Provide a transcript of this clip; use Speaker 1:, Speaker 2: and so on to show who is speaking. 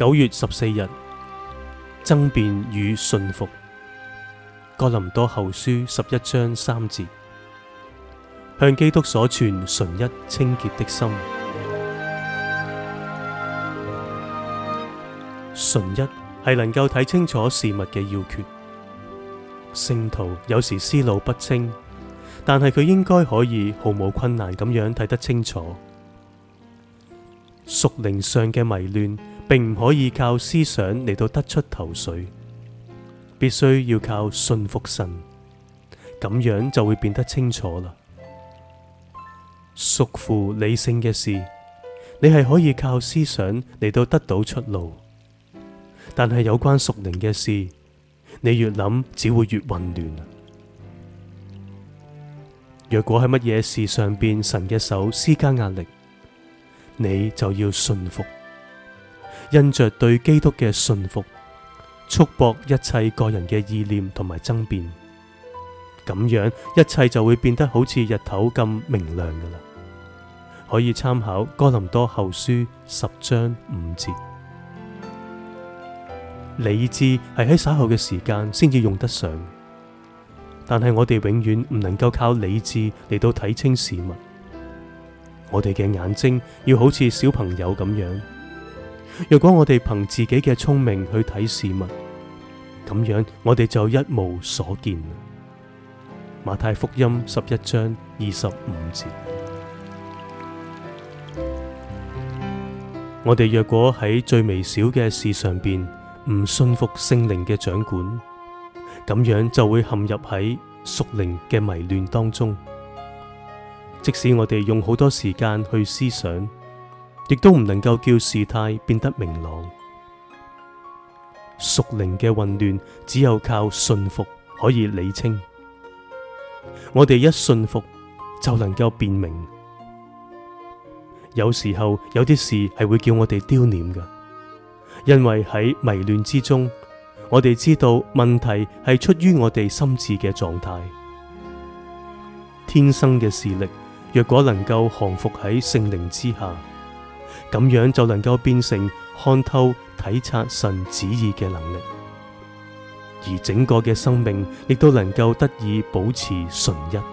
Speaker 1: 九月十四日，爭辯與信服。哥林多後書十一章三節，向基督所傳純一清潔的心。純一係能夠睇清楚事物嘅要訣。聖徒有時思路不清，但係佢應該可以毫無困難咁樣睇得清楚。屬靈上嘅迷亂並唔可以靠思想嚟到得出頭緒，必須要靠信服神，咁樣就會變得清楚啦。屬乎理性嘅事，你係可以靠思想嚟到得到出路，但係有關屬靈嘅事，你越諗只會越混亂。若果喺乜嘢事上邊神嘅手施加壓力，你就要信服。因着對基督嘅信服，束縛一切個人嘅意念同埋爭辯，咁樣一切就會變得好似日頭咁明亮㗎喇。可以參考哥林多後書十章五節。理智係喺稍後嘅時間先至用得上，但係我哋永遠唔能夠靠理智嚟到睇清事物。我哋嘅眼睛要好似小朋友咁樣。若果我哋憑自己嘅聰明去睇事物，咁樣我哋就一無所見喇。馬太福音十一章二十五節：「我哋若果喺最微小嘅事上邊唔信服聖靈嘅掌管，咁樣就會陷入喺屬靈嘅迷亂當中。即使我哋用好多時間去思想。亦都唔能夠叫事態變得明朗，屬靈嘅混亂只有靠信服可以理清。我哋一信服就能夠辨明。有時候有啲事係會叫我哋丟臉嘅，因為喺迷亂之中，我哋知道問題係出於我哋心智嘅狀態。天生嘅視力若果能夠降伏喺聖靈之下。咁樣就能夠變成看透、體察神旨意嘅能力，而整個嘅生命亦都能夠得以保持純一。